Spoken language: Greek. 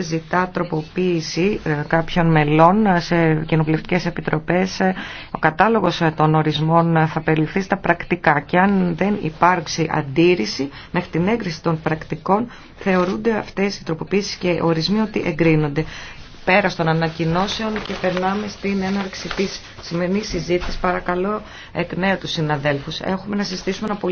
ζητά τροποποίηση ε, κάποιων μελών ε, σε κοινοβουλευτικέ επιτροπές. Ε, ο κατάλογος των ορισμών θα περιληφθεί στα πρακτικά και αν δεν υπάρξει αντίρρηση μέχρι την έγκριση των πρακτικών θεωρούνται αυτές οι τροποποίησεις και ορισμοί ότι εγκρίνονται. Πέρα των ανακοινώσεων και περνάμε στην έναρξη της σημερινής συζήτησης. Παρακαλώ εκ νέου τους συναδέλφους. Έχουμε να συστήσουμε πολύ